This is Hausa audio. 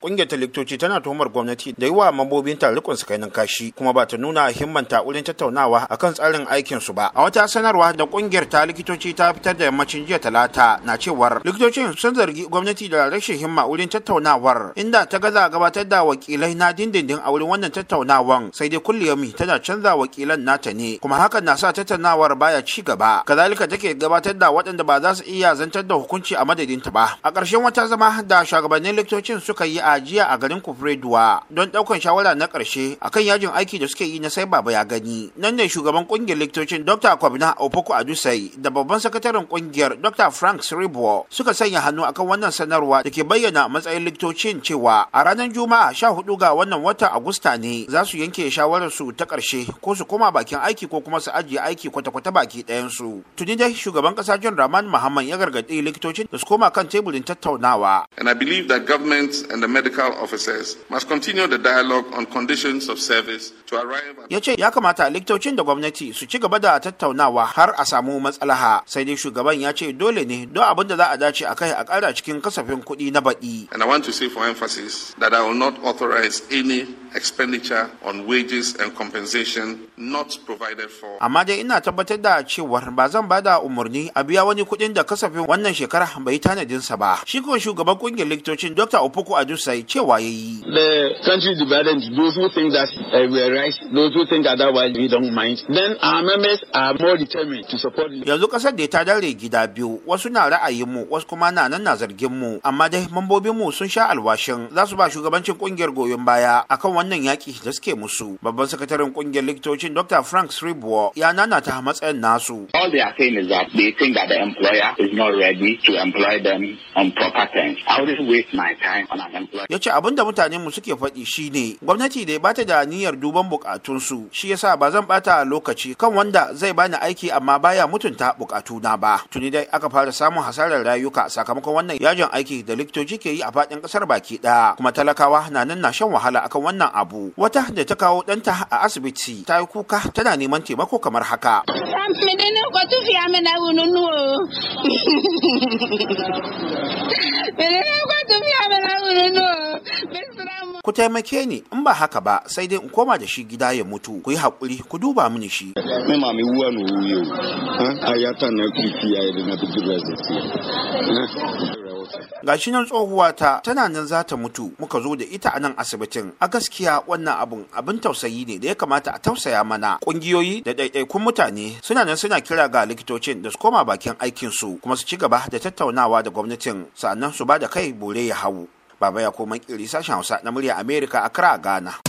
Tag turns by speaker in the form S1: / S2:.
S1: Ƙungiyar likitoci tana tuhumar gwamnati da yi wa mambobin rikon su kai kashi kuma ba ta nuna himmanta wurin tattaunawa a kan tsarin aikin su ba. A wata sanarwa da ƙungiyar ta likitoci ta fitar da yammacin jiya talata na cewar likitocin sun zargi gwamnati da rashin himma wurin tattaunawar inda ta gaza gabatar da wakilai na dindindin a wurin wannan tattaunawan sai dai kulliyami tana canza wakilan nata ne kuma hakan na sa tattaunawar baya ci gaba. Kazalika take gabatar da waɗanda ba za su iya zantar da hukunci a madadinta ba. A ƙarshen wata zama da shugabannin likitocin suka yi a jiya a garin Kufreduwa don ɗaukan shawara na ƙarshe akan yajin aiki da suke yi na sai baba ya gani. Nan ne shugaban ƙungiyar likitocin Dr. Kwabna Opoku Adusai da babban sakataren ƙungiyar Dr. Frank Sribo suka sanya hannu akan wannan sanarwa da ke bayyana matsayin likitocin cewa a ranar Juma'a sha hudu ga wannan watan Agusta ne za su yanke shawarar su ta ƙarshe ko su koma bakin aiki ko kuma su ajiye aiki kwata-kwata baki ɗayansu. Tuni dai shugaban ƙasa John Rahman Muhammad ya gargaɗi likitocin da su koma kan teburin tattaunawa.
S2: And I believe medical officers must continue the dialogue on conditions of service to arrive at...
S1: Ya ce ya kamata likitocin da gwamnati su ci gaba da tattaunawa har a samu matsalaha sai dai shugaban ya ce dole ne don abin da za a dace a kai a ƙara cikin kasafin kuɗi na baɗi.
S2: And I want to say for emphasis that I will not authorize any expenditure on wages and compensation not provided for. Amma dai
S1: ina tabbatar da cewa ba zan bada umarni a biya wani kuɗin da kasafin wannan shekara bai tanadinsa ba. Shi ko shugaban ƙungiyar likitocin Dr. Opoku Adusa sai cewa ya yi. The country is divided into those who think that uh, we are right, those who think otherwise we don't mind. Then our members are more determined to support. Yanzu kasar da ta dare gida biyu, wasu na ra'ayin mu, wasu kuma na nan na zargin mu, amma dai mambobin mu sun sha alwashin za su ba shugabancin kungiyar goyon baya akan wannan yaki da suke musu. Babban sakataren kungiyar likitocin Dr. Frank sribuwa ya ta matsayin nasu. All they are saying is that they think that the employer is not ready to employ them on proper terms. I always waste my time on an employer ya ce abin da mutanen mu suke faɗi shine gwamnati da bata da niyyar duban bukatunsu shi yasa ba zan bata lokaci kan wanda zai bani aiki amma baya mutunta bukatuna ba tuni dai aka fara samun hasarar rayuka sakamakon wannan yajin aiki da likitoci ke yi a faɗin ƙasar baki ɗaya kuma talakawa na nan na shan wahala akan wannan abu wata da ta kawo ɗanta a asibiti ta yi kuka tana neman taimako kamar haka. Menene ku taimake ni in ba haka ba sai dai in koma da shi gida ya mutu ku yi hakuri ku duba mini shi me ma wuwa no wuyo a ya ta na da na gashi nan tsohuwa ta tana nan za ta mutu muka zo da ita a nan asibitin a gaskiya wannan abun abin tausayi ne da ya kamata a tausaya mana Ƙungiyoyi da ɗaiɗaikun mutane suna nan suna kira ga likitocin da su koma bakin aikinsu kuma su ci gaba da tattaunawa da gwamnatin sa'annan su ba da kai bore ya hau Baba ya koma ƙiri sashen Hausa na murya Amerika a kira Ghana.